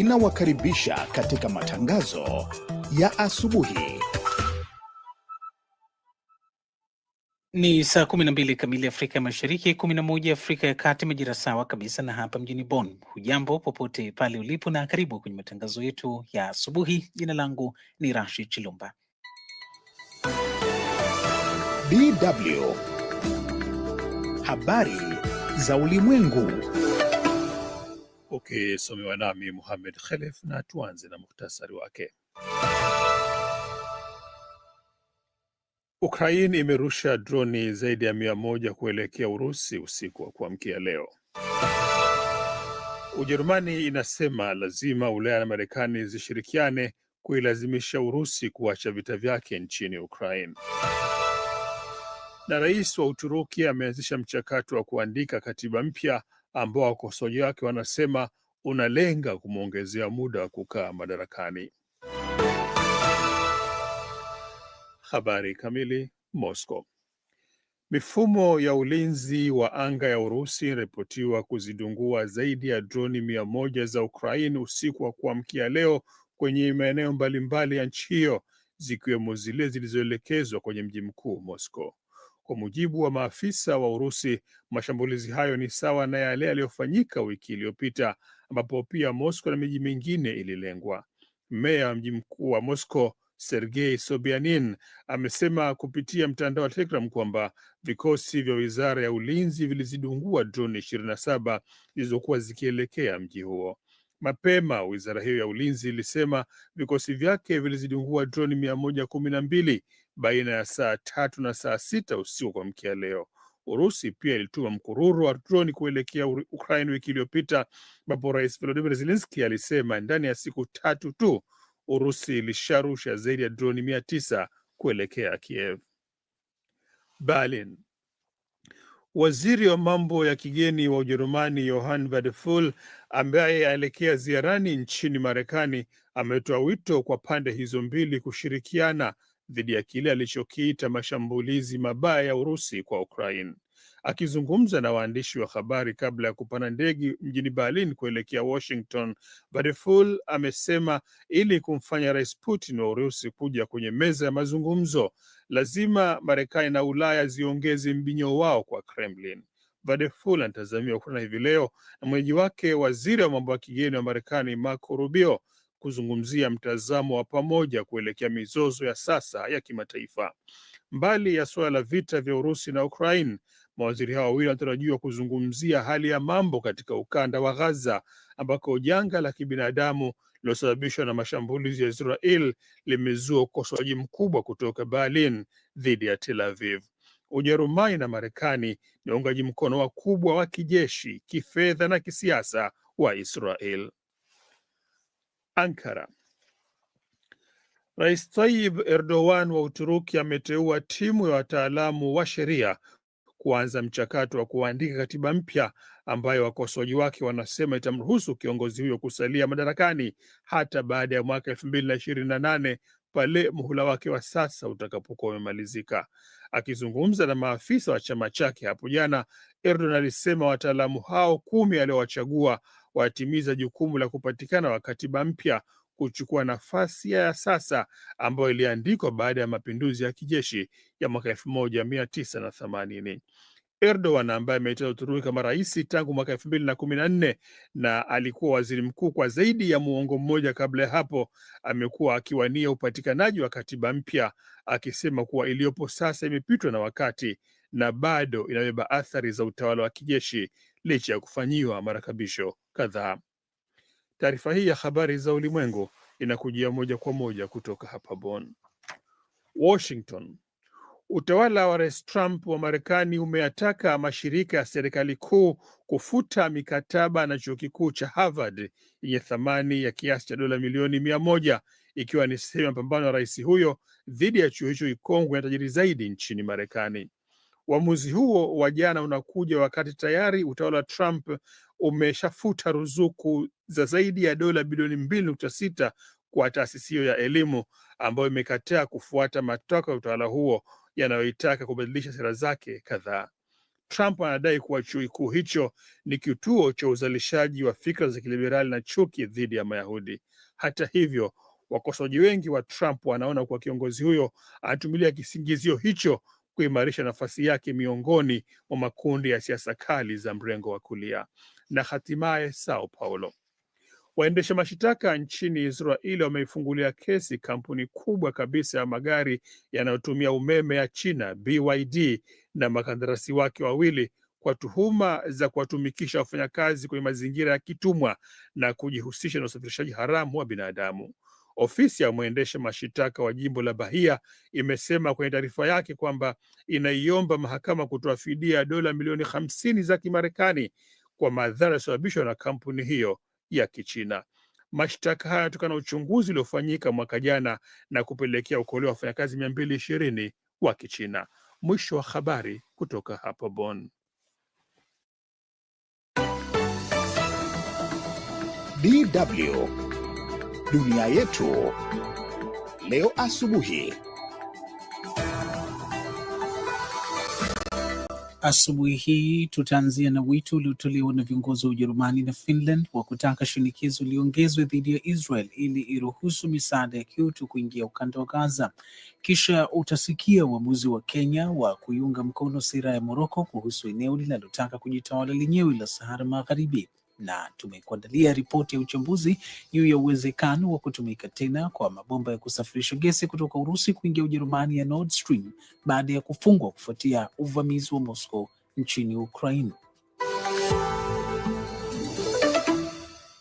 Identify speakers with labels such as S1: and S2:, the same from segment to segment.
S1: inawakaribisha katika matangazo ya asubuhi. Ni saa mbili kamili Afrika ya Mashariki, moja Afrika ya Kati, majira sawa kabisa na hapa mjini bon Hujambo popote pale ulipo, na karibu kwenye matangazo yetu ya asubuhi. Jina langu ni Rashid Chilumba. bw habari za ulimwengu
S2: ukisomewa nami Muhamed Khelef, na tuanze na muhtasari wake. Ukraine imerusha droni zaidi ya mia moja kuelekea Urusi usiku wa kuamkia leo. Ujerumani inasema lazima Ulaya na Marekani zishirikiane kuilazimisha Urusi kuacha vita vyake nchini Ukraine. Na rais wa Uturuki ameanzisha mchakato wa kuandika katiba mpya ambao wakosoaji wake wanasema unalenga kumwongezea muda wa kukaa madarakani. Habari kamili. Moscow. Mifumo ya ulinzi wa anga ya Urusi inaripotiwa kuzidungua zaidi ya droni mia moja za Ukraine usiku wa kuamkia leo kwenye maeneo mbalimbali ya nchi hiyo zikiwemo zile zilizoelekezwa kwenye mji mkuu Moscow. Kwa mujibu wa maafisa wa Urusi, mashambulizi hayo ni sawa na yale yaliyofanyika wiki iliyopita ambapo pia Moscow na miji mingine ililengwa. Meya wa mji mkuu wa Moscow Sergei Sobianin amesema kupitia mtandao wa Telegram kwamba vikosi vya wizara ya ulinzi vilizidungua droni saba zilizokuwa zikielekea mji huo. Mapema wizara hiyo ya ulinzi ilisema vikosi vyake vilizidungua droni mia moja kumi na mbili baina ya saa tatu na saa sita usiku kwa mkia leo. Urusi pia ilituma mkururu wa droni kuelekea Ukraine wiki iliyopita, ambapo Rais Volodymyr Zelensky alisema ndani ya siku tatu tu Urusi ilisharusha zaidi ya droni mia tisa kuelekea Kiev. Berlin. Waziri wa mambo ya kigeni wa Ujerumani Johann Wadephul ambaye aelekea ziarani nchini Marekani ametoa wito kwa pande hizo mbili kushirikiana dhidi ya kile alichokiita mashambulizi mabaya ya Urusi kwa Ukraine. Akizungumza na waandishi wa habari kabla ya kupanda ndege mjini Berlin kuelekea Washington, Vadeful amesema ili kumfanya Rais Putin wa Urusi kuja kwenye meza ya mazungumzo, lazima Marekani na Ulaya ziongeze mbinyo wao kwa Kremlin. Vadeful anatazamiwa kukutana hivi leo na mwenyeji wake, waziri wa mambo ya kigeni wa Marekani Marco Rubio kuzungumzia mtazamo wa pamoja kuelekea mizozo ya sasa ya kimataifa. Mbali ya suala la vita vya Urusi na Ukraine, mawaziri hao wawili wanatarajiwa kuzungumzia hali ya mambo katika ukanda wa Gaza ambako janga la kibinadamu lililosababishwa na mashambulizi ya Israel limezua ukosoaji mkubwa kutoka Berlin dhidi ya Tel Aviv. Ujerumani na Marekani ni waungaji mkono wakubwa wa kijeshi, kifedha na kisiasa wa Israel. Ankara. Rais Tayyip Erdogan wa Uturuki ameteua timu ya wataalamu wa sheria kuanza mchakato wa kuandika katiba mpya ambayo wakosoaji wake wanasema itamruhusu kiongozi huyo kusalia madarakani hata baada ya mwaka elfu mbili na ishirini na nane pale muhula wake wa sasa utakapokuwa umemalizika. Akizungumza na maafisa wa chama chake hapo jana, Erdogan alisema wataalamu hao kumi aliowachagua watimiza jukumu la kupatikana wa katiba mpya kuchukua nafasi ya sasa ambayo iliandikwa baada ya mapinduzi ya kijeshi ya mwaka elfu moja mia tisa na themanini. Erdogan ambaye ameitaza Uturuki kama rais tangu mwaka elfu mbili na kumi na nne na alikuwa waziri mkuu kwa zaidi ya muongo mmoja kabla ya hapo, amekuwa akiwania upatikanaji wa katiba mpya akisema kuwa iliyopo sasa imepitwa na wakati na bado inabeba athari za utawala wa kijeshi licha ya kufanyiwa marekebisho kadhaa. Taarifa hii ya habari za ulimwengu inakujia moja kwa moja kutoka hapa Bonn. Washington. Utawala wa Rais Trump wa Marekani umeyataka mashirika ya serikali kuu kufuta mikataba na chuo kikuu cha Harvard yenye thamani ya kiasi cha dola milioni mia moja ikiwa ni sehemu ya mapambano ya rais huyo dhidi ya chuo hicho kikongwe na tajiri zaidi nchini Marekani. Uamuzi huo wa jana unakuja wakati tayari utawala wa Trump umeshafuta ruzuku za zaidi ya dola bilioni mbili nukta sita kwa taasisi hiyo ya elimu ambayo imekataa kufuata matakwa ya utawala huo yanayoitaka kubadilisha sera zake kadhaa. Trump anadai kuwa chuo kikuu hicho ni kituo cha uzalishaji wa fikra za kiliberali na chuki dhidi ya Mayahudi. Hata hivyo, wakosoaji wengi wa Trump wanaona kuwa kiongozi huyo anatumilia kisingizio hicho kuimarisha nafasi yake miongoni mwa makundi ya siasa kali za mrengo wa kulia. Na hatimaye Sao Paulo, waendesha mashitaka nchini Israeli wameifungulia kesi kampuni kubwa kabisa ya magari yanayotumia umeme ya China BYD na makandarasi wake wawili kwa tuhuma za kuwatumikisha wafanyakazi kwenye mazingira ya kitumwa na kujihusisha na usafirishaji haramu wa binadamu. Ofisi ya mwendesha mashitaka wa jimbo la Bahia imesema kwenye taarifa yake kwamba inaiomba mahakama kutoa fidia ya dola milioni hamsini za Kimarekani kwa madhara yaliyosababishwa na kampuni hiyo ya Kichina. Mashtaka haya yanatokana na uchunguzi uliofanyika mwaka jana na kupelekea ukolewa wa wafanyakazi mia mbili ishirini wa Kichina. Mwisho wa habari kutoka hapa Bonn.
S1: DW dunia yetu leo asubuhi. Asubuhi hii tutaanzia na wito uliotolewa na viongozi wa Ujerumani na Finland wa kutaka shinikizo liongezwe dhidi ya Israel ili iruhusu misaada ya kiutu kuingia ukanda wa Gaza. Kisha utasikia uamuzi wa Kenya wa kuiunga mkono sera ya Moroko kuhusu eneo linalotaka kujitawala lenyewe la Sahara Magharibi na tumekuandalia ripoti ya uchambuzi juu ya uwezekano wa kutumika tena kwa mabomba ya kusafirisha gesi kutoka Urusi kuingia Ujerumani ya Nord Stream baada ya kufungwa kufuatia uvamizi wa Moscow nchini Ukraine.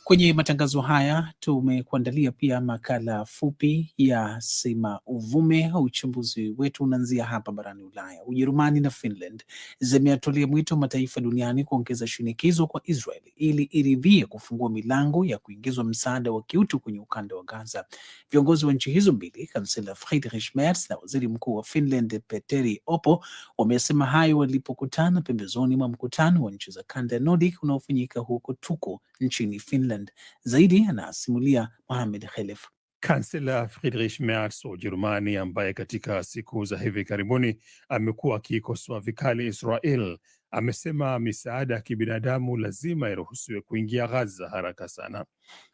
S1: Kwenye matangazo haya tumekuandalia pia makala fupi ya Sema Uvume. Uchambuzi wetu unaanzia hapa barani Ulaya. Ujerumani na Finland zimeatolia mwito mataifa duniani kuongeza shinikizo kwa Israel ili iridhie kufungua milango ya kuingizwa msaada wa kiutu kwenye ukanda wa Gaza. Viongozi wa nchi hizo mbili, kansela Friedrich Merz na waziri mkuu wa Finland Petteri Orpo, wamesema hayo walipokutana pembezoni mwa mkutano wa nchi za kanda ya Nordic unaofanyika huko Turku nchini Finland. Poland. Zaidi anasimulia Mohamed Khelef.
S2: Kansela Friedrich Merz wa Ujerumani, ambaye katika siku za hivi karibuni amekuwa akiikosoa vikali Israel, amesema misaada ya kibinadamu lazima iruhusiwe kuingia Gaza haraka sana.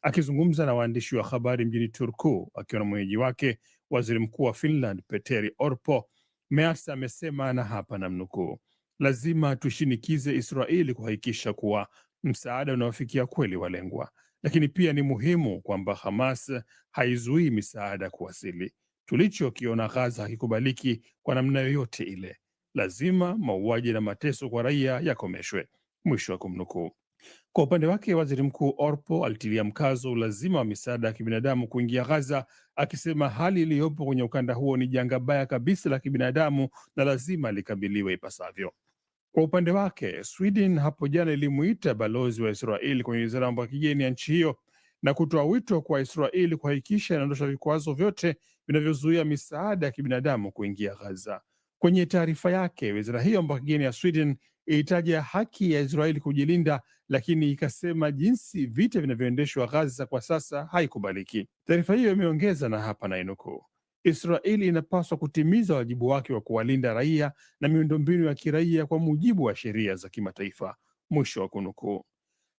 S2: Akizungumza na waandishi wa habari mjini Turku akiwa na mwenyeji wake waziri mkuu wa Finland Petteri Orpo, Merz amesema na hapa namnukuu, lazima tushinikize Israeli kuhakikisha kuwa msaada unaofikia kweli walengwa. Lakini pia ni muhimu kwamba Hamas haizuii misaada kuwasili. Tulichokiona Gaza hakikubaliki kwa namna yoyote ile. Lazima mauaji na mateso kwa raia yakomeshwe. Mwisho wa kumnukuu. Kwa upande wake, waziri mkuu Orpo alitilia mkazo ulazima wa misaada ya kibinadamu kuingia Gaza, akisema hali iliyopo kwenye ukanda huo ni janga baya kabisa la kibinadamu na lazima likabiliwe ipasavyo. Kwa upande wake, Sweden hapo jana ilimuita balozi wa Israeli kwenye wizara ya mambo ya kigeni ya nchi hiyo na kutoa wito kwa Israeli kuhakikisha inaondosha vikwazo vyote vinavyozuia misaada ya kibinadamu kuingia Gaza. Kwenye taarifa yake, wizara hiyo mambo ya kigeni ya Sweden ilitaja haki ya Israeli kujilinda, lakini ikasema jinsi vita vinavyoendeshwa Gaza kwa sasa haikubaliki. Taarifa hiyo imeongeza na hapa nainukuu Israeli inapaswa kutimiza wajibu wake wa kuwalinda raia na miundombinu ya kiraia kwa mujibu wa sheria za kimataifa. Mwisho wa kunukuu.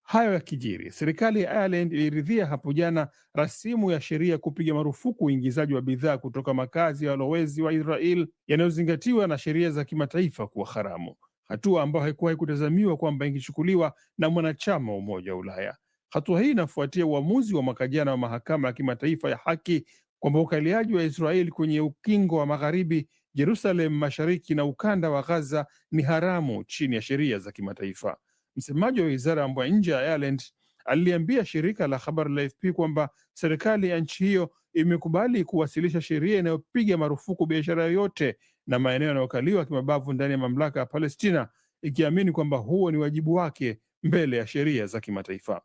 S2: Hayo ya kijiri, serikali ya Ireland iliridhia hapo jana rasimu ya sheria kupiga marufuku uingizaji wa bidhaa kutoka makazi ya walowezi wa Israel yanayozingatiwa na sheria za kimataifa kuwa haramu, hatua ambayo haikuwahi kutazamiwa kwamba ingechukuliwa na mwanachama wa Umoja wa Ulaya. Hatua hii inafuatia uamuzi wa mwaka jana wa mahakama ya kimataifa ya haki kwamba ukaliaji wa Israeli kwenye ukingo wa magharibi, Jerusalem mashariki na ukanda wa Gaza ni haramu chini ya sheria za kimataifa. Msemaji wa wizara ya mambo ya nje ya Ireland aliliambia shirika la habari la AFP kwamba serikali ya nchi hiyo imekubali kuwasilisha sheria inayopiga marufuku biashara yoyote na maeneo yanayokaliwa kimabavu ndani ya mamlaka ya Palestina, ikiamini kwamba huo ni wajibu wake mbele ya sheria za kimataifa.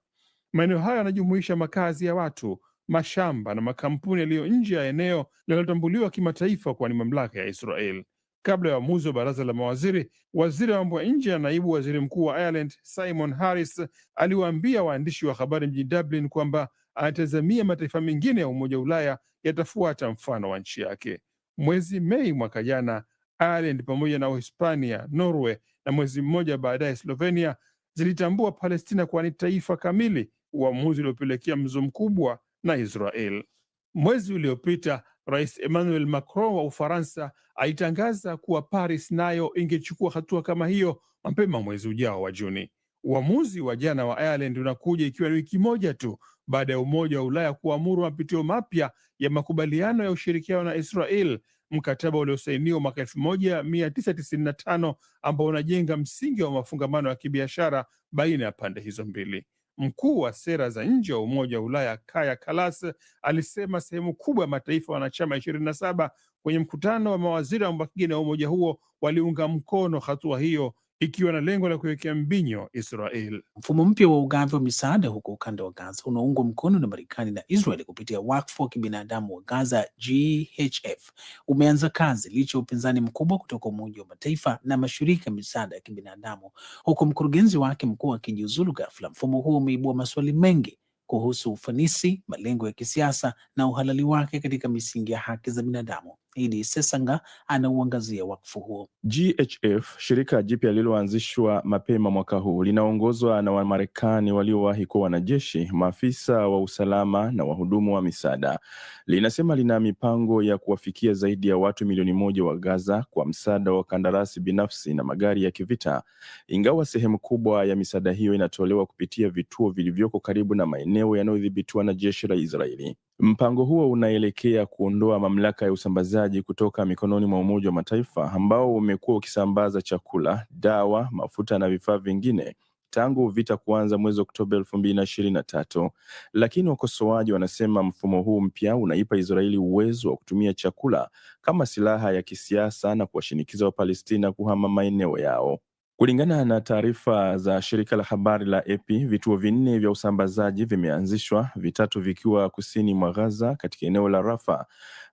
S2: Maeneo hayo yanajumuisha makazi ya watu, mashamba na makampuni yaliyo nje ya eneo linalotambuliwa kimataifa kuwa ni mamlaka ya Israel. Kabla ya uamuzi wa baraza la mawaziri, waziri wa mambo ya nje na naibu waziri mkuu wa Ireland Simon Harris aliwaambia waandishi wa habari mjini Dublin kwamba anatazamia mataifa mengine ya Umoja wa Ulaya yatafuata mfano wa nchi yake. Mwezi Mei mwaka jana, Ireland pamoja na Uhispania, Norway na mwezi mmoja baadaye Slovenia zilitambua Palestina kuwa ni taifa kamili, uamuzi uliopelekea mzo mkubwa na Israel. Mwezi uliopita Rais Emmanuel Macron wa Ufaransa alitangaza kuwa Paris nayo ingechukua hatua kama hiyo mapema mwezi ujao wa Juni. Uamuzi wa jana wa Ireland unakuja ikiwa ni wiki moja tu baada ya Umoja wa Ulaya kuamuru mapitio mapya ya makubaliano ya ushirikiano na Israel, mkataba uliosainiwa mwaka 1995 ambao unajenga msingi wa mafungamano ya kibiashara baina ya pande hizo mbili. Mkuu wa sera za nje wa Umoja wa Ulaya kaya kalas alisema sehemu kubwa ya mataifa wanachama ishirini na saba kwenye mkutano wa mawaziri wa mambo ya kigeni wa umoja huo waliunga mkono hatua hiyo ikiwa na lengo la kuwekea mbinyo Israel.
S1: Mfumo mpya wa ugavi wa misaada huko ukanda wa Gaza unaungwa mkono na Marekani na Israel kupitia wakfu wa kibinadamu wa Gaza GHF umeanza kazi licha ya upinzani mkubwa kutoka Umoja wa Mataifa na mashirika ya misaada ya kibinadamu, huku mkurugenzi wake mkuu akijiuzulu ghafla. Mfumo huo umeibua maswali mengi kuhusu ufanisi, malengo ya kisiasa na uhalali wake katika misingi ya haki za binadamu. Idi Sesanga anauangazia wakfu huo.
S3: GHF, shirika jipya lililoanzishwa mapema mwaka huu, linaongozwa na Wamarekani waliowahi kuwa wanajeshi, maafisa wa usalama na wahudumu wa misaada. Linasema lina mipango ya kuwafikia zaidi ya watu milioni moja wa Gaza kwa msaada wa kandarasi binafsi na magari ya kivita, ingawa sehemu kubwa ya misaada hiyo inatolewa kupitia vituo vilivyoko karibu na maeneo yanayodhibitiwa na jeshi la Israeli. Mpango huo unaelekea kuondoa mamlaka ya usambazaji kutoka mikononi mwa Umoja wa Mataifa ambao umekuwa ukisambaza chakula, dawa, mafuta na vifaa vingine tangu vita kuanza mwezi Oktoba elfu mbili na ishirini na tatu, lakini wakosoaji wanasema mfumo huu mpya unaipa Israeli uwezo wa kutumia chakula kama silaha ya kisiasa na kuwashinikiza Wapalestina kuhama maeneo yao. Kulingana na taarifa za shirika la habari la AP, vituo vinne vya usambazaji vimeanzishwa, vitatu vikiwa kusini mwa Gaza katika eneo la Rafa,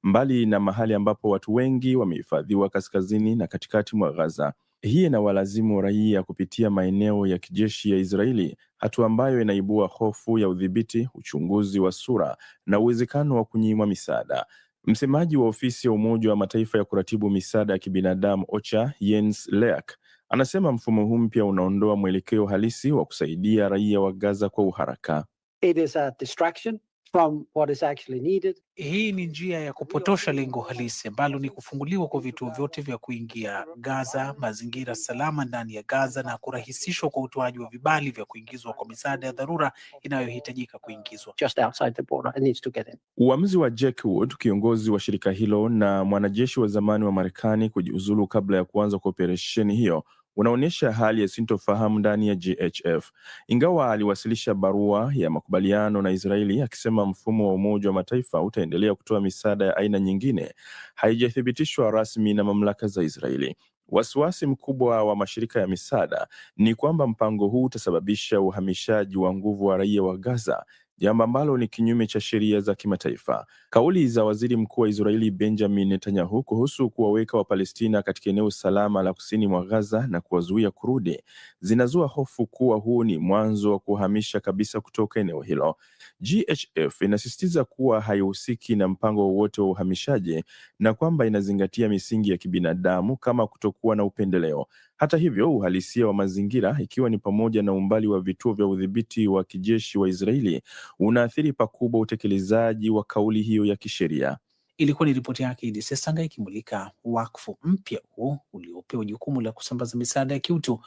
S3: mbali na mahali ambapo watu wengi wamehifadhiwa kaskazini na katikati mwa Gaza. Hii inawalazimu raia kupitia maeneo ya kijeshi ya Israeli, hatua ambayo inaibua hofu ya udhibiti, uchunguzi wa sura na uwezekano wa kunyimwa misaada. Msemaji wa ofisi ya Umoja wa Mataifa ya kuratibu misaada ya kibinadamu OCHA, Jens Leak Anasema mfumo huu mpya unaondoa mwelekeo halisi wa kusaidia raia wa Gaza kwa uharaka.
S4: It is a distraction from what is actually needed.
S1: Hii ni njia ya kupotosha lengo halisi ambalo ni kufunguliwa kwa vituo vyote vya kuingia Gaza, mazingira salama ndani ya Gaza na kurahisishwa kwa utoaji wa vibali vya kuingizwa kwa misaada ya dharura inayohitajika kuingizwa
S4: uamzi
S3: Uamuzi wa Jack Wood, kiongozi wa shirika hilo na mwanajeshi wa zamani wa Marekani, kujiuzulu kabla ya kuanza kwa operesheni hiyo unaonyesha hali ya sintofahamu ndani ya GHF, ingawa aliwasilisha barua ya makubaliano na Israeli akisema mfumo wa Umoja wa Mataifa utaendelea kutoa misaada ya aina nyingine, haijathibitishwa rasmi na mamlaka za Israeli. Wasiwasi mkubwa wa mashirika ya misaada ni kwamba mpango huu utasababisha uhamishaji wa nguvu wa raia wa Gaza jambo ambalo ni kinyume cha sheria za kimataifa. Kauli za waziri mkuu wa Israeli Benjamin Netanyahu kuhusu kuwaweka Wapalestina katika eneo salama la kusini mwa Gaza na kuwazuia kurudi zinazua hofu kuwa huu ni mwanzo wa kuhamisha kabisa kutoka eneo hilo. GHF inasisitiza kuwa haihusiki na mpango wowote wa uhamishaji na kwamba inazingatia misingi ya kibinadamu kama kutokuwa na upendeleo. Hata hivyo, uhalisia wa mazingira, ikiwa ni pamoja na umbali wa vituo vya udhibiti wa kijeshi wa Israeli unaathiri pakubwa utekelezaji wa kauli hiyo ya kisheria.
S1: Ilikuwa ni ripoti yake Idi Sesanga ikimulika wakfu mpya huo uliopewa jukumu la kusambaza misaada ya kiutu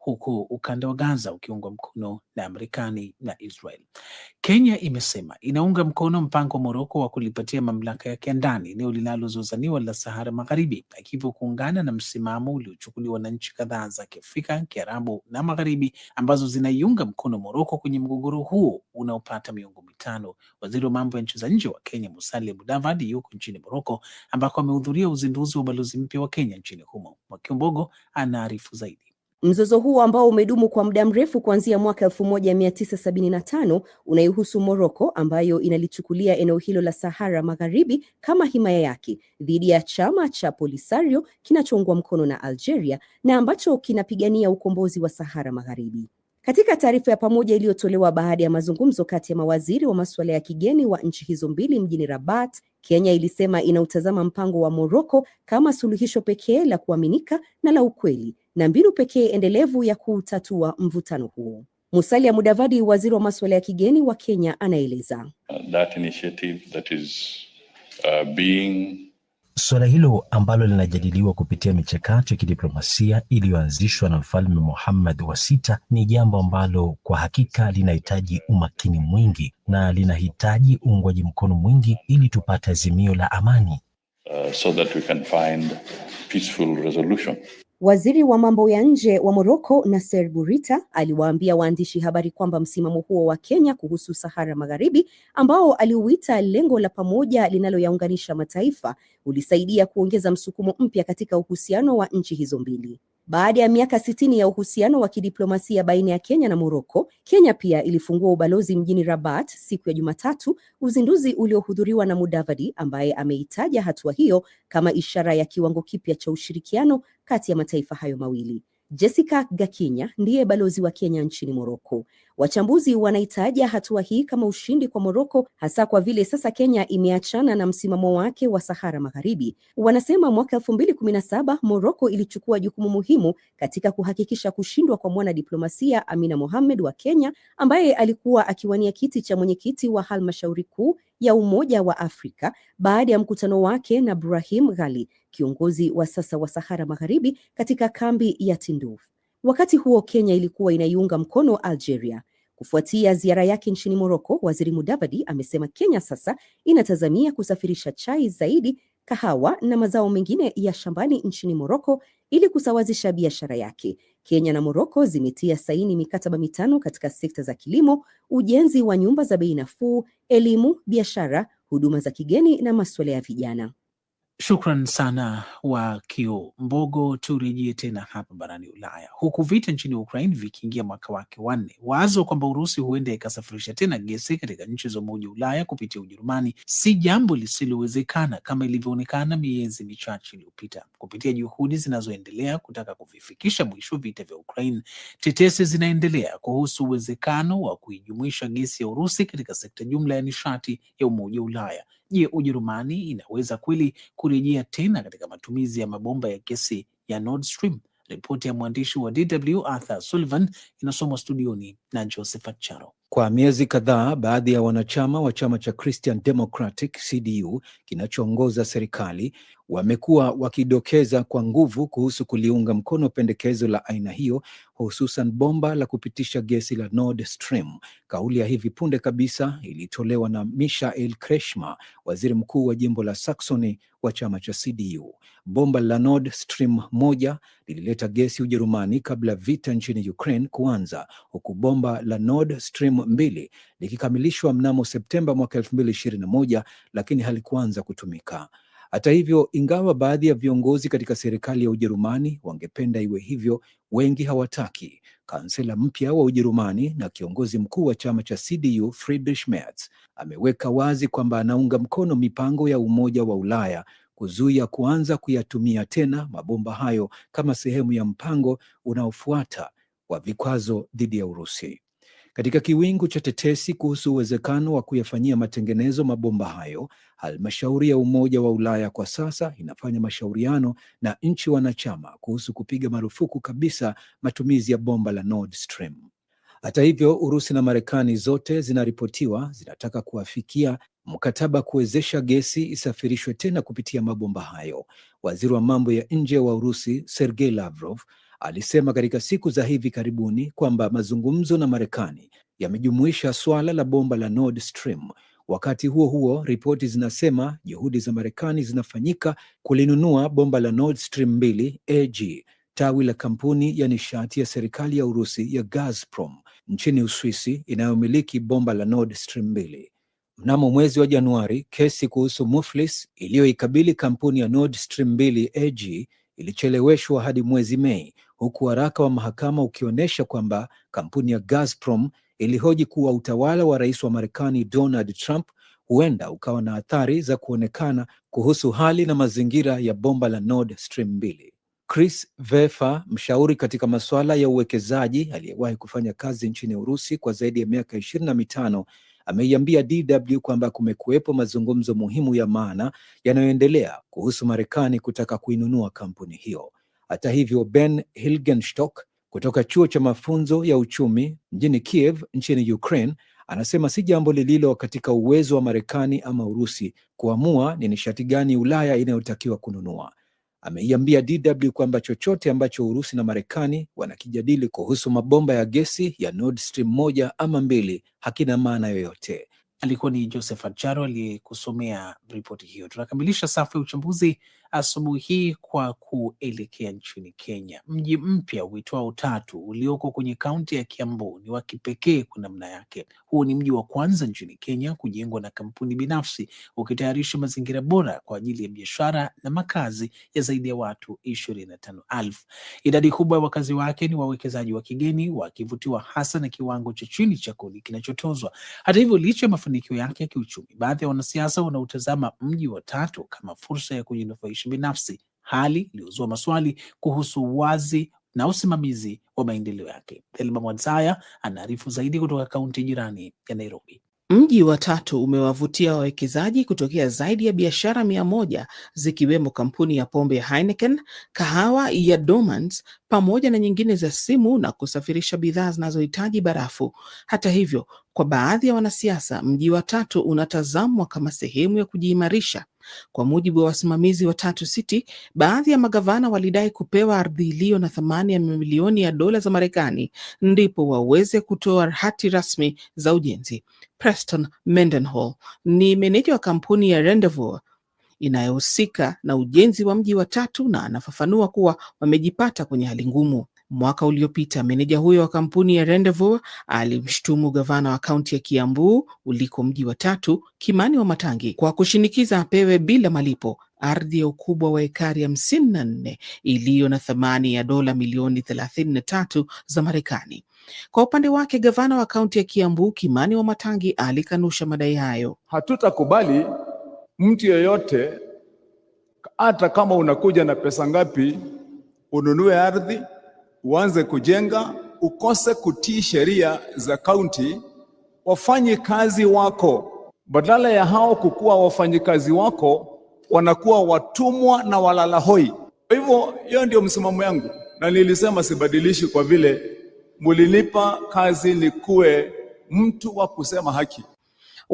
S1: huku ukanda wa Gaza ukiungwa mkono na Marekani na Israel. Kenya imesema inaunga mkono mpango wa Moroko wa kulipatia mamlaka yake ya ndani eneo linalozozaniwa la Sahara Magharibi, na hivyo kuungana na msimamo uliochukuliwa na nchi kadhaa za Kiafrika, Kiarabu na Magharibi ambazo zinaiunga mkono Moroko kwenye mgogoro huo unaopata miongo mitano. Waziri wa mambo ya nchi za nje wa Kenya Musalia Mudavadi yuko nchini Moroko ambako amehudhuria uzinduzi wa ubalozi mpya wa Kenya nchini humo. Mwakiombogo anaarifu zaidi.
S5: Mzozo huo ambao umedumu kwa muda mrefu kuanzia mwaka 1975 unaihusu moroko ambayo inalichukulia eneo hilo la Sahara Magharibi kama himaya yake dhidi ya chama cha Polisario kinachoungwa mkono na Algeria na ambacho kinapigania ukombozi wa Sahara Magharibi. Katika taarifa ya pamoja iliyotolewa baada ya mazungumzo kati ya mawaziri wa masuala ya kigeni wa nchi hizo mbili mjini Rabat, Kenya ilisema inautazama mpango wa moroko kama suluhisho pekee la kuaminika na la ukweli na mbinu pekee endelevu ya kutatua mvutano huo. Musalia Mudavadi, waziri wa masuala ya kigeni wa Kenya, anaeleza
S6: uh, uh,
S1: suala hilo ambalo linajadiliwa kupitia michakato ya kidiplomasia iliyoanzishwa na Mfalme Muhammad wa Sita ni jambo ambalo kwa hakika linahitaji umakini mwingi na linahitaji uungwaji mkono mwingi ili tupate azimio la amani.
S6: Uh, so that we can find peaceful resolution.
S5: Waziri wa mambo ya nje wa Morocco Nasser Bourita aliwaambia waandishi habari kwamba msimamo huo wa Kenya kuhusu Sahara Magharibi ambao aliuita lengo la pamoja linaloyaunganisha mataifa ulisaidia kuongeza msukumo mpya katika uhusiano wa nchi hizo mbili. Baada ya miaka sitini ya uhusiano wa kidiplomasia baina ya Kenya na Moroko, Kenya pia ilifungua ubalozi mjini Rabat siku ya Jumatatu, uzinduzi uliohudhuriwa na Mudavadi ambaye ameitaja hatua hiyo kama ishara ya kiwango kipya cha ushirikiano kati ya mataifa hayo mawili. Jessica Gakinya ndiye balozi wa Kenya nchini Moroko. Wachambuzi wanaitaja hatua hii kama ushindi kwa Moroko, hasa kwa vile sasa Kenya imeachana na msimamo wake wa Sahara Magharibi. Wanasema mwaka elfu mbili kumi na saba Moroko ilichukua jukumu muhimu katika kuhakikisha kushindwa kwa mwanadiplomasia Amina Mohamed wa Kenya ambaye alikuwa akiwania kiti cha mwenyekiti wa halmashauri kuu ya Umoja wa Afrika baada ya mkutano wake na Brahim Ghali kiongozi wa sasa wa Sahara Magharibi katika kambi ya Tindouf. Wakati huo Kenya ilikuwa inaiunga mkono Algeria. Kufuatia ziara yake nchini Morocco, Waziri Mudavadi amesema Kenya sasa inatazamia kusafirisha chai zaidi, kahawa na mazao mengine ya shambani nchini Morocco ili kusawazisha biashara yake. Kenya na Morocco zimetia saini mikataba mitano katika sekta za kilimo, ujenzi wa nyumba za bei nafuu, elimu, biashara, huduma za kigeni na masuala ya vijana.
S1: Shukran sana wa kio Mbogo. turejie tena hapa barani Ulaya, huku vita nchini Ukraine vikiingia mwaka wake wanne, wazo kwamba Urusi huenda ikasafirisha tena gesi katika nchi za Umoja wa Ulaya kupitia Ujerumani si jambo lisilowezekana kama ilivyoonekana miezi michache iliyopita. Kupitia juhudi zinazoendelea kutaka kuvifikisha mwisho vita vya Ukraine, tetesi zinaendelea kuhusu uwezekano wa kuijumuisha gesi ya Urusi katika sekta jumla ya nishati ya Umoja wa Ulaya Je, Ujerumani inaweza kweli kurejea tena katika matumizi ya mabomba ya gesi ya Nord Stream? Ripoti ya mwandishi wa DW Arthur Sullivan inasomwa studioni na Josephat Charo. Kwa miezi kadhaa, baadhi ya wanachama wa chama cha Christian Democratic CDU kinachoongoza serikali wamekuwa wakidokeza kwa nguvu kuhusu kuliunga mkono pendekezo la aina hiyo, hususan bomba la kupitisha gesi la Nord Stream. Kauli ya hivi punde kabisa ilitolewa na Michael kreshma waziri mkuu wa jimbo la Saxony wa chama cha CDU. Bomba la Nord Stream moja lilileta gesi Ujerumani kabla vita nchini Ukraine kuanza, huku bomba la Nord Stream mbili likikamilishwa mnamo Septemba mwaka moja lakini halikuanza kutumika. Hata hivyo, ingawa baadhi ya viongozi katika serikali ya Ujerumani wangependa iwe hivyo, wengi hawataki. Kansela mpya wa Ujerumani na kiongozi mkuu wa chama cha CDU Friedrich Merz ameweka wazi kwamba anaunga mkono mipango ya Umoja wa Ulaya kuzuia kuanza kuyatumia tena mabomba hayo kama sehemu ya mpango unaofuata wa vikwazo dhidi ya Urusi. Katika kiwingu cha tetesi kuhusu uwezekano wa kuyafanyia matengenezo mabomba hayo, halmashauri ya Umoja wa Ulaya kwa sasa inafanya mashauriano na nchi wanachama kuhusu kupiga marufuku kabisa matumizi ya bomba la Nord Stream. Hata hivyo, Urusi na Marekani zote zinaripotiwa zinataka kuafikia mkataba kuwezesha gesi isafirishwe tena kupitia mabomba hayo. Waziri wa mambo ya nje wa Urusi Sergei Lavrov alisema katika siku za hivi karibuni kwamba mazungumzo na Marekani yamejumuisha swala la bomba la Nord Stream. Wakati huo huo, ripoti zinasema juhudi za Marekani zinafanyika kulinunua bomba la Nord Stream 2 AG, tawi la kampuni ya nishati ya serikali ya Urusi ya Gazprom nchini Uswisi inayomiliki bomba la Nord Stream 2. Mnamo mwezi wa Januari, kesi kuhusu muflis iliyoikabili kampuni ya Nord Stream 2 AG ilicheleweshwa hadi mwezi Mei, huku waraka wa mahakama ukionyesha kwamba kampuni ya Gazprom ilihoji kuwa utawala wa rais wa Marekani Donald Trump huenda ukawa na athari za kuonekana kuhusu hali na mazingira ya bomba la Nord Stream mbili. Chris Vefa, mshauri katika masuala ya uwekezaji aliyewahi kufanya kazi nchini Urusi kwa zaidi ya miaka ishirini na mitano, ameiambia DW kwamba kumekuwepo mazungumzo muhimu ya maana yanayoendelea kuhusu Marekani kutaka kuinunua kampuni hiyo. Hata hivyo, Ben Hilgenstock kutoka chuo cha mafunzo ya uchumi mjini Kiev nchini Ukraine anasema si jambo lililo katika uwezo wa Marekani ama Urusi kuamua ni nishati gani Ulaya inayotakiwa kununua ameiambia DW kwamba chochote ambacho Urusi na Marekani wanakijadili kuhusu mabomba ya gesi ya Nord Stream moja ama mbili hakina maana yoyote. Alikuwa ni Joseph Ajaro aliyekusomea ripoti hiyo. Tunakamilisha safu ya uchambuzi asubuhi hii kwa kuelekea nchini Kenya. Mji mpya uitwao Tatu ulioko kwenye kaunti ya Kiambu ni wa kipekee kwa namna yake. Huu ni mji wa kwanza nchini Kenya kujengwa na kampuni binafsi, ukitayarisha mazingira bora kwa ajili ya biashara na makazi ya zaidi ya watu ishirini na tano elfu. Idadi kubwa ya wakazi wake ni wawekezaji wa kigeni, wakivutiwa hasa na kiwango cha chini cha kodi kinachotozwa. Hata hivyo, licha ya mafanikio yake ya kiuchumi, baadhi ya wanasiasa wanautazama mji wa Tatu kama fursa ya kujinufaisha ushawishi binafsi, hali iliyozua maswali kuhusu uwazi na usimamizi wa maendeleo yake. Thelma Mwazaya anaarifu zaidi kutoka kaunti jirani ya Nairobi. Mji wa tatu umewavutia wawekezaji kutokea zaidi ya biashara mia moja zikiwemo kampuni ya pombe ya Heineken, kahawa ya Dormans pamoja na nyingine za simu na kusafirisha bidhaa zinazohitaji barafu. Hata hivyo, kwa baadhi ya wanasiasa, mji wa Tatu unatazamwa kama sehemu ya kujiimarisha. Kwa mujibu wa wasimamizi wa Tatu City, baadhi ya magavana walidai kupewa ardhi iliyo na thamani ya mamilioni ya dola za Marekani ndipo waweze kutoa hati rasmi za ujenzi. Preston Mendenhall ni meneja wa kampuni ya Rendezvous inayohusika na ujenzi wa mji wa Tatu na anafafanua kuwa wamejipata kwenye hali ngumu. Mwaka uliopita meneja huyo wa kampuni ya Rendezvous alimshutumu gavana wa kaunti ya Kiambu uliko mji wa tatu Kimani wa matangi kwa kushinikiza apewe bila malipo ardhi ya ukubwa wa ekari hamsini na nne iliyo na thamani ya dola milioni thelathini na tatu za Marekani. Kwa upande wake, gavana wa kaunti ya Kiambu Kimani wa matangi alikanusha madai hayo.
S7: Hatutakubali mtu yeyote, hata kama unakuja na pesa ngapi, ununue ardhi uanze kujenga, ukose kutii sheria za kaunti, wafanye kazi wako. Badala ya hao kukuwa wafanyikazi wako, wanakuwa watumwa na walala hoi. Kwa hivyo, hiyo ndio msimamo yangu, na nilisema sibadilishi kwa vile mulinipa kazi nikuwe mtu wa kusema haki.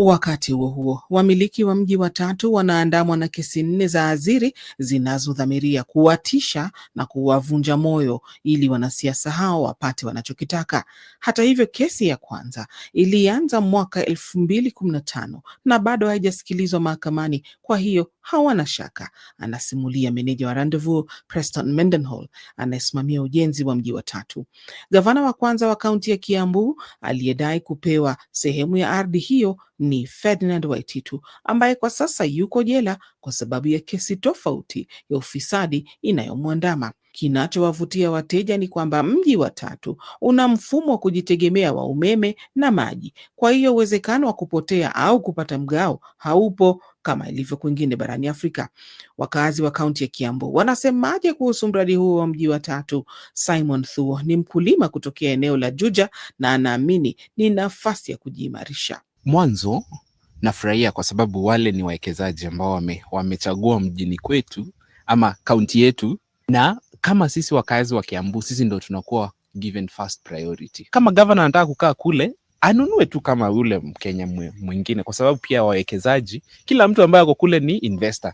S1: Wakati huo huo, wamiliki wa mji watatu wanaandamwa na kesi nne za aziri zinazodhamiria kuwatisha na kuwavunja moyo ili wanasiasa hao wapate wanachokitaka. Hata hivyo, kesi ya kwanza ilianza mwaka elfu mbili kumi na tano na bado haijasikilizwa mahakamani, kwa hiyo hawana shaka, anasimulia meneja wa Rendezvous Preston Mendenhall anayesimamia ujenzi wa mji wa tatu. Gavana wa kwanza wa kaunti ya Kiambu aliyedai kupewa sehemu ya ardhi hiyo ni Ferdinand Waititu ambaye kwa sasa yuko jela kwa sababu ya kesi tofauti ya ufisadi inayomwandama. Kinachowavutia wateja ni kwamba mji wa Tatu una mfumo wa kujitegemea wa umeme na maji, kwa hiyo uwezekano wa kupotea au kupata mgao haupo kama ilivyo kwingine barani Afrika. Wakazi wa kaunti ya Kiambu wanasemaje kuhusu mradi huo wa mji wa Tatu? Simon Thuo ni mkulima kutokea eneo la Juja na anaamini ni nafasi ya kujiimarisha
S8: mwanzo nafurahia kwa sababu wale ni wawekezaji ambao wame, wamechagua mjini kwetu ama kaunti yetu, na kama sisi wakazi wa Kiambu, sisi ndo tunakuwa given first priority. Kama gavana anataka kukaa kule anunue tu kama yule Mkenya mwingine, kwa sababu pia wawekezaji, kila mtu ambaye ako kule ni investor.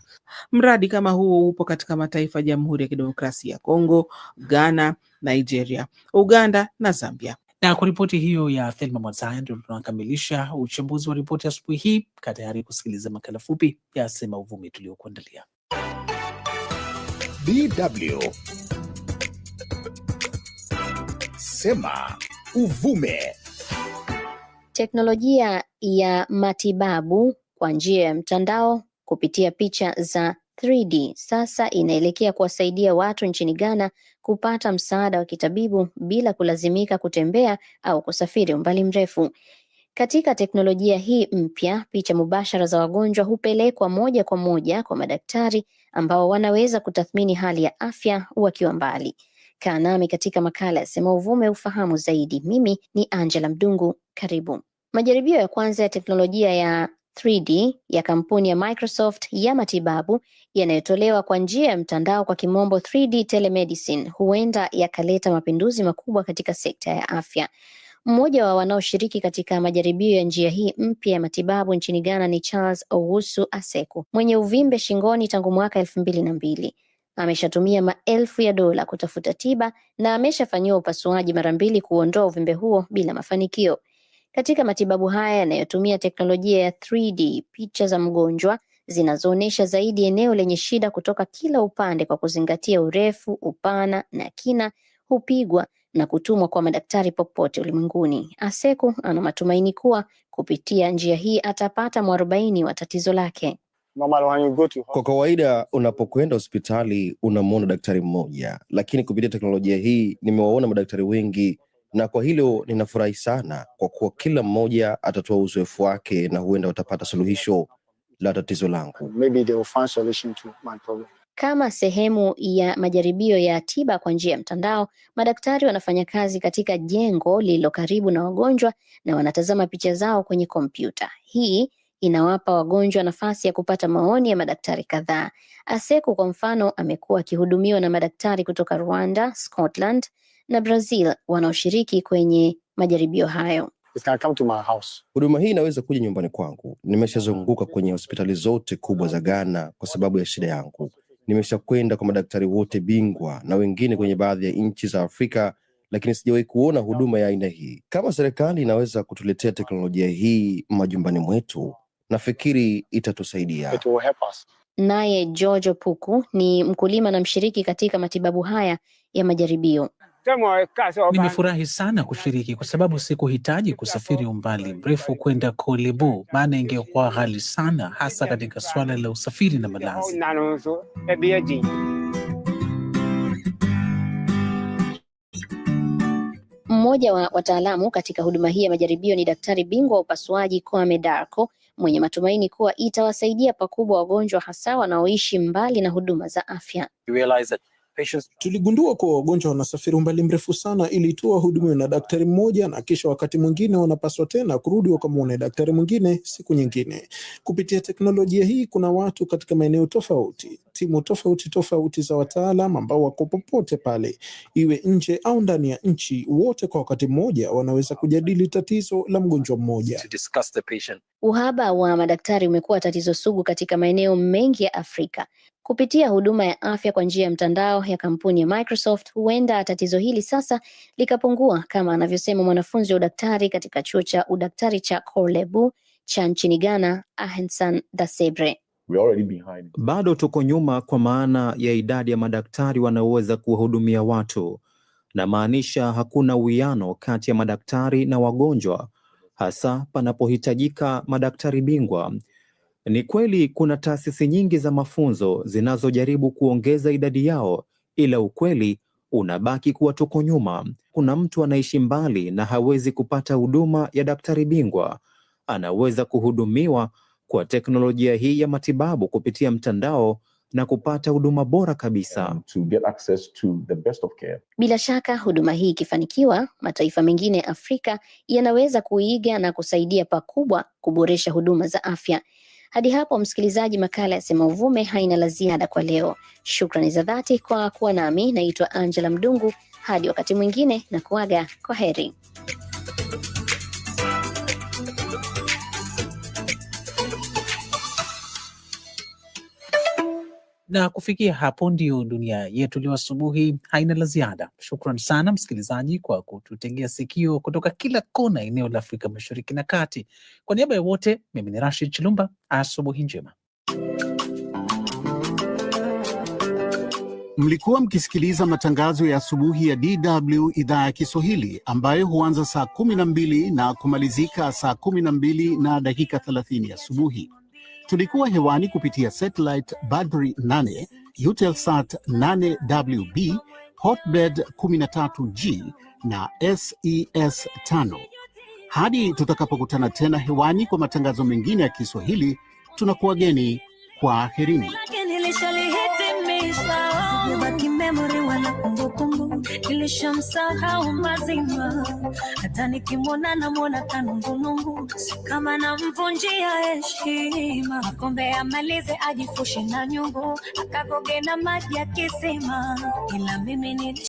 S1: Mradi kama huo upo katika mataifa Jamhuri ya Kidemokrasia ya Kongo, Ghana, Nigeria, Uganda na Zambia. Na kwa ripoti hiyo ya Thelma Mwazaya ndio tunakamilisha uchambuzi wa ripoti asubuhi hii. Kaa tayari kusikiliza makala fupi ya Sema Uvumi tuliokuandalia DW Sema Uvume.
S9: Teknolojia ya matibabu kwa njia ya mtandao kupitia picha za 3D sasa inaelekea kuwasaidia watu nchini Ghana kupata msaada wa kitabibu bila kulazimika kutembea au kusafiri umbali mrefu. Katika teknolojia hii mpya, picha mubashara za wagonjwa hupelekwa moja kwa moja kwa madaktari ambao wanaweza kutathmini hali ya afya wakiwa mbali. Kaa nami katika makala ya Sema Uvume ufahamu zaidi. Mimi ni Angela Mdungu, karibu. Majaribio ya kwanza ya teknolojia ya 3D ya kampuni ya Microsoft ya matibabu yanayotolewa kwa njia ya mtandao kwa kimombo 3D telemedicine huenda yakaleta mapinduzi makubwa katika sekta ya afya. Mmoja wa wanaoshiriki katika majaribio ya njia hii mpya ya matibabu nchini Ghana ni Charles Owusu aseku mwenye uvimbe shingoni tangu mwaka elfu mbili na mbili. Ameshatumia maelfu ya dola kutafuta tiba na ameshafanyiwa upasuaji mara mbili kuondoa uvimbe huo bila mafanikio. Katika matibabu haya yanayotumia teknolojia ya 3D, picha za mgonjwa zinazoonyesha zaidi eneo lenye shida kutoka kila upande kwa kuzingatia urefu, upana na kina hupigwa na kutumwa kwa madaktari popote ulimwenguni. Aseku ana matumaini kuwa kupitia njia hii atapata mwarobaini wa tatizo lake.
S10: Kwa kawaida unapokwenda hospitali unamwona daktari mmoja, lakini kupitia teknolojia hii nimewaona madaktari wengi na kwa hilo ninafurahi sana, kwa kuwa kila mmoja atatoa uzoefu wake na huenda watapata suluhisho la tatizo langu.
S9: Kama sehemu ya majaribio ya tiba kwa njia ya mtandao, madaktari wanafanya kazi katika jengo lililo karibu na wagonjwa na wanatazama picha zao kwenye kompyuta. Hii inawapa wagonjwa nafasi ya kupata maoni ya madaktari kadhaa. Aseku kwa mfano amekuwa akihudumiwa na madaktari kutoka Rwanda, Scotland, na Brazil wanaoshiriki kwenye majaribio hayo.
S10: Huduma hii inaweza kuja nyumbani kwangu. Nimeshazunguka kwenye hospitali zote kubwa za Ghana kwa sababu ya shida yangu. Nimeshakwenda kwa madaktari wote bingwa na wengine kwenye baadhi ya nchi za Afrika, lakini sijawahi kuona huduma ya aina hii. Kama serikali inaweza kutuletea teknolojia hii majumbani mwetu, nafikiri itatusaidia.
S9: Naye George Puku ni mkulima na mshiriki katika matibabu haya ya majaribio.
S1: Nimefurahi sana kushiriki kwa sababu sikuhitaji kusafiri umbali mrefu kwenda Kolibu, maana ingekuwa ghali sana, hasa katika suala la usafiri na malazi.
S9: Mmoja wa wataalamu katika huduma hii ya majaribio ni daktari bingwa wa upasuaji Kwame Darko mwenye matumaini kuwa itawasaidia pakubwa wagonjwa hasa wanaoishi mbali na huduma za afya.
S11: Patients.
S12: Tuligundua kuwa wagonjwa wanasafiri umbali mrefu sana ili tu wahudumiwe na daktari mmoja na kisha wakati mwingine wanapaswa tena kurudi wakamwone daktari mwingine siku nyingine. Kupitia teknolojia hii, kuna watu katika maeneo tofauti, timu tofauti tofauti za wataalam ambao wako popote pale, iwe nje au ndani ya nchi, wote kwa wakati mmoja wanaweza kujadili tatizo la mgonjwa mmoja.
S9: Uhaba wa madaktari umekuwa tatizo sugu katika maeneo mengi ya Afrika kupitia huduma ya afya kwa njia ya mtandao ya kampuni ya Microsoft, huenda tatizo hili sasa likapungua, kama anavyosema mwanafunzi wa udaktari katika chuo cha udaktari cha Kolebu cha nchini Ghana, Ahensan Dasebre.
S13: Bado tuko nyuma kwa maana ya idadi ya madaktari wanaoweza kuwahudumia watu, na maanisha hakuna uwiano kati ya madaktari na wagonjwa, hasa panapohitajika madaktari bingwa ni kweli kuna taasisi nyingi za mafunzo zinazojaribu kuongeza idadi yao, ila ukweli unabaki kuwa tuko nyuma. Kuna mtu anaishi mbali na hawezi kupata huduma ya daktari bingwa. Anaweza kuhudumiwa kwa teknolojia hii ya matibabu kupitia mtandao na kupata huduma bora kabisa.
S14: To get access to the best of care. Bila shaka huduma hii ikifanikiwa, mataifa mengine ya Afrika yanaweza kuiga na kusaidia pakubwa kuboresha huduma za afya. Hadi hapo msikilizaji, makala ya Sema Uvume haina la ziada kwa leo. Shukrani za dhati kwa kuwa nami. Naitwa Angela Mdungu, hadi wakati mwingine na kuaga kwa heri. Na kufikia hapo ndio dunia yetu leo asubuhi, haina la ziada. Shukran sana msikilizaji kwa kututegea sikio kutoka kila kona eneo la Afrika Mashariki na Kati. Kwa niaba ya wote, mimi ni Rashid Chilumba, asubuhi njema. Mlikuwa mkisikiliza matangazo ya asubuhi ya DW idhaa ya Kiswahili ambayo huanza saa 12 na kumalizika saa 12 na dakika 30 asubuhi. Tulikuwa hewani kupitia satellite Badbury 8, utelsat 8WB, hotbed 13G na SES 5. E Hadi tutakapokutana tena hewani kwa matangazo mengine ya Kiswahili, tunakuwageni kwa aherini. nishamsahau mazima, hata nikimwona namwona kanungunungu, kama namvunjia heshima. Kombe amalize ajifushe na nyungu, akakoge na maji ya kisima, ila mimi